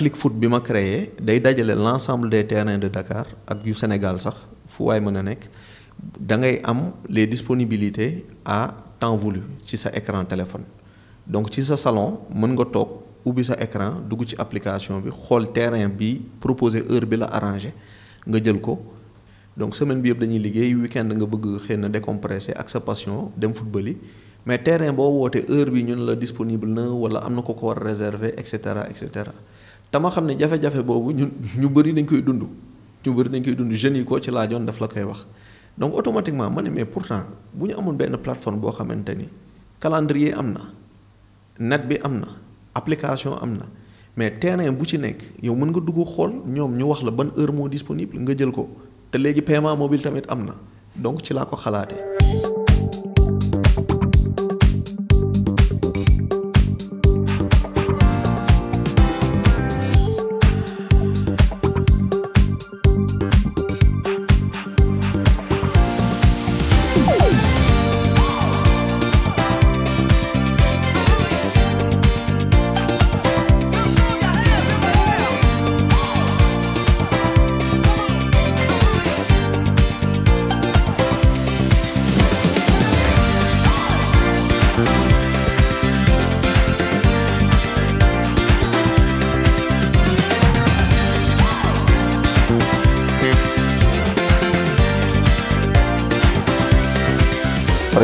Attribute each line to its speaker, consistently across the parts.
Speaker 1: click foot bi ma créé day dajale l'ensemble des terrains de Dakar ak du Sénégal sax fu way mën nek da ngay am les disponibilités à temps voulu ci sa écran téléphone donc ci sa salon mën nga tok ubbi sa écran dugg ci application bi xol terrain bi proposer heure bi la arrangé nga jël ko donc semaine bi yëpp dañuy liggéey weekend nga bëgg xëy na décompressé ak sa passion dem football yi mais terrain boo wootee heure bi ñun la disponible na wala am na ko ko war réserver et cetera et cetera te ma xam ne jafe-jafe boobu ñu ñu bëri dañ koy dund ñu bëri dañ koy dund jeunes yi koo ci laajoon daf la koy wax donc automatiquement ma ne mais pourtant bu ñu amoon benn plateforme boo xamante ni calendrier am na net bi am na application am na mais terrain bu ci nekk yow mën nga dugg xool ñoom ñu wax la ban heure moo disponible nga jël ko te léegi paiement mobile tamit am na donc ci laa ko xalaatee.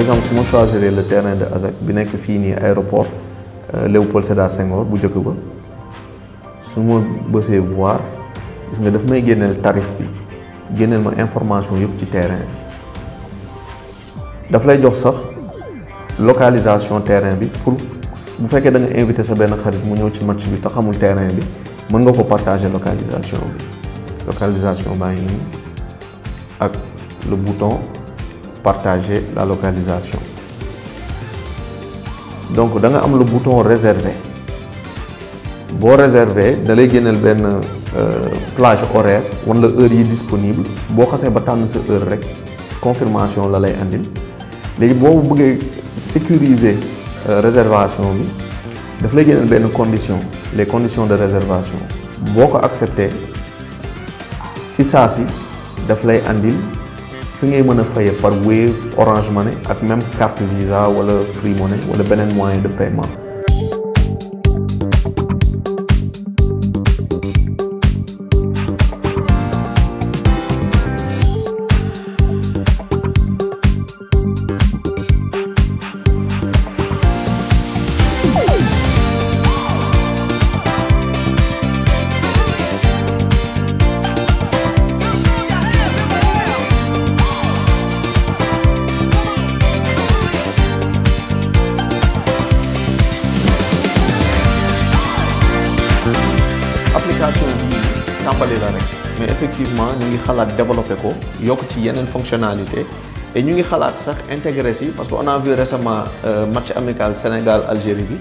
Speaker 1: exemple su ma choisir le terrain de Azak bi nek fii aéroport euh, Léopold Sédar Senghor bu njëkk ba su ma voir gis nga daf may génneel tarif bi génneel ma information yëpp ci terrain bi daf lay jox sax localisation terrain bi pour bu fekkee da nga invité sa benn xarit mu ñëw ci match bi te xamul terrain bi mën nga ko partager localisation bi localisation baa ngi ak le bouton partager la localisation donc da nga le bouton réservé bon Réserver. da lay une euh, plage horaire on la heure disponible boo xasee ba tànn heure rek confirmation la lay andil léegi boo sécuriser euh, réservation bi daf une condition les conditions de réservation accepter accepté si ça si daf une fi ngay mën a fayee par Wave Orange Money ak même carte Visa wala Free Money wala beneen moyen de paiement mais effectivement ñu ngi xalaat développé ko yokk ci yeneen fonctionnalité et ñu ngi xalaat sax intégré si parce que on a vu récemment euh, match amical Sénégal Algérie bi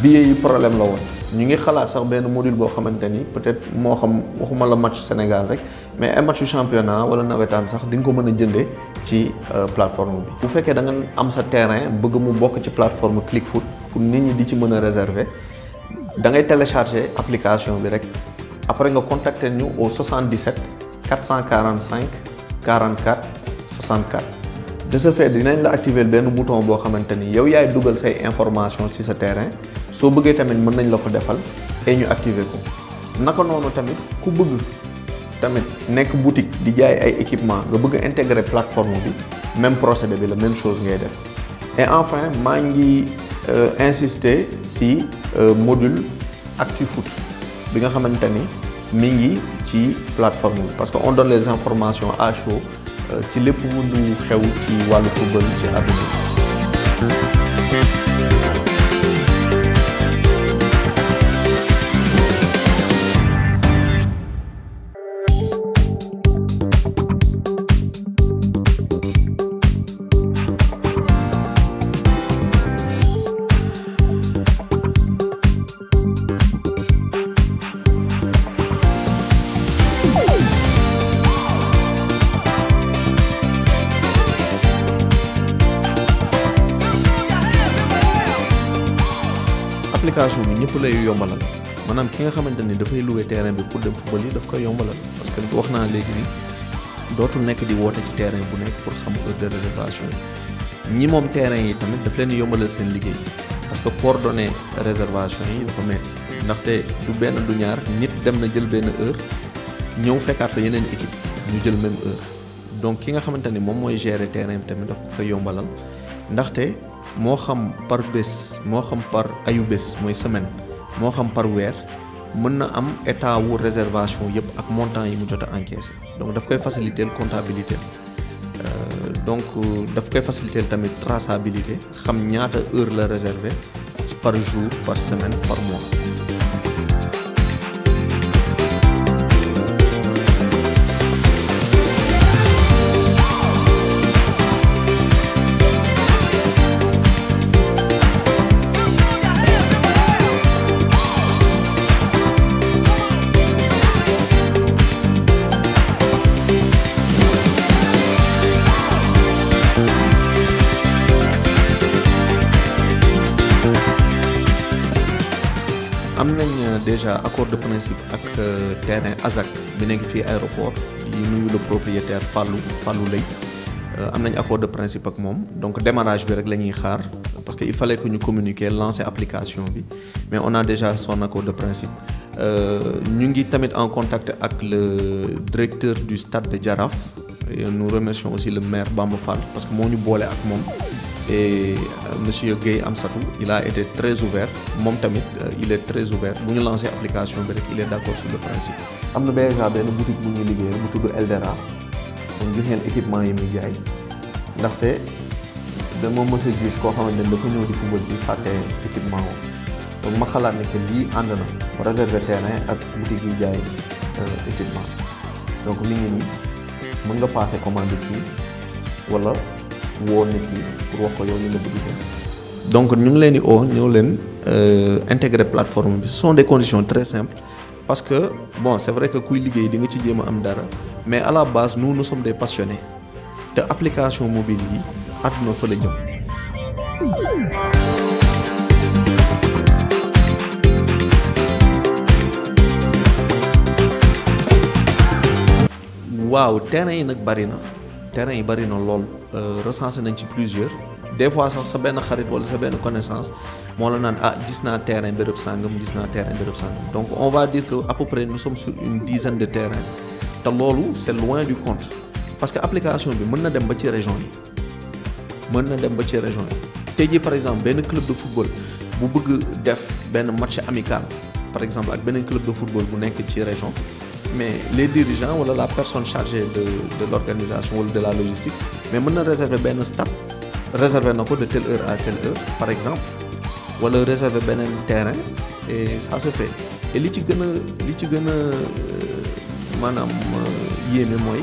Speaker 1: billets yi problème la woon ñu ngi xalaat sax benn module boo xamante ni peut-être moo xam waxuma la match Sénégal rek mais ay matchu championnat wala nawetaan sax di nga ko mën a jëndee ci euh, plateforme bi. bu fekkee da nga am sa terrain bëgg mu bokk ci plateforme Clickfoot pour nit ñi di ci mën a réserver da ngay télécharger application bi rek. après nous contacter ñu au 77 445 44 64 de ce fait dinañ la activer le bouton boo xamante Il yow yaay dugal say information sur sa terrain Si vous tamit mën nañ la ko defal et ñu activer ko naka nous tamit ku bëgg tamit boutique di jaay ay équipement nga bëgg intégrer plateforme bi même procédé la même chose et enfin avons insisté euh, insister le euh, module ActuFoot bi nga xamante mi ngi ci plateforme bi parce que on donne les informations à chaud euh, ci lépp lu xew ci wàllu football ci àdduna application bi ñëpp lay yombalal maanaam ki nga xamante ni dafay louer terrain bi pour dem football yi daf koy yombalal parce que wax naa léegi ni dootul nekk di woote ci terrain bu nekk pour xam heure de réservation ñi moom terrain yi tamit daf leen yombalal seen liggéey parce que coordonner réservation yi dafa metti ndaxte du benn du ñaar nit dem na jël benn heure ñëw fekkaat fa yeneen équipe ñu jël même heure donc ki nga xamante ni moom mooy gérer terrain bi tamit daf ko koy yombalal ndaxte moo xam par bés moo xam par ayu bés mooy semaine moo xam par weer mën na am état wu réservation yëpp ak montant yi mu jot a encaissé donc daf koy faciliter comptabilité euh, donc daf koy faciliter tamit traçabilité xam ñaata heure la réservé par jour par semaine par mois déjà accord de principe avec euh, terrain Azak, aéroport le propriétaire Ley. Euh, accord de principe avec moi. donc démarrage bi parce qu'il il fallait que nous communiquions, lancer application mais on a déjà son accord de principe Nous avons mis en contact avec le directeur du stade de et nous remercions aussi le maire Bambofal parce que nous en avec et euh, monsieur Gay Amsatou il a été très ouvert moom tamit euh, il est très ouvert Nous ñu lancé application il est d'accord sur le principe. am na déjà benn boutique bu ñuy liggéeyal bu tudd Eldera donc gis ngeen équipement yi muy jaay ndaxte dama mës a gis koo xamante ne dafa ñëw di football si fàtte équipement woowu donc ma xalaat ne que lii ànd na réserver terrain ak boutique yi jaay euh, équipement donc mi ngi nii mën passé commande ici. wala donc nous avons leen di la euh, plateforme ce sont des conditions très simples parce que bon c'est vrai que kuy liggéey di nga ci mais à la base nous nous sommes des passionnés te application mobile yi àdduna fa la wow waaw terrain yi nag bari terrain yi bëri na lool euh, recensé nañ ci plusieurs des fois sax sa benn xarit wala sa benn connaissance moo la naan ah gis naa terrain bërëb sàngam gis naa terrain bërëb sàngam donc on va dire que à peu près nous sommes sur une dizaine de terrains te loolu c' est loin du compte parce que application bi mën na dem ba ci région yi mën na dem ba ci région yi tey jii par exemple benn club de football bu bëgg def benn match amical par exemple ak beneen club de football bu nekk ci région mais les dirigeants ou la personne chargée de l'organisation ou de la logistique mais mën na réserver un stade réserver un de telle heure à telle heure par exemple ou ont réserver un terrain et ça se fait et ce qui est le li ci c'est a euh, maanaam euh, yéeme mooy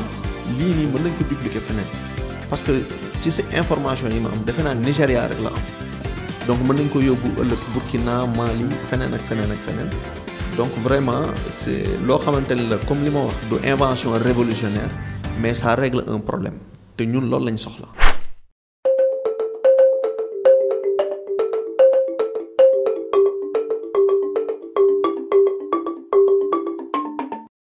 Speaker 1: parce que c'est ces information yi ma am donc ils nañ ko yóbbu Burkina, Burkina Mali feneen ak feneen ak donc vraiment c'est loo comme invention révolutionnaire mais ça règle un problème tenu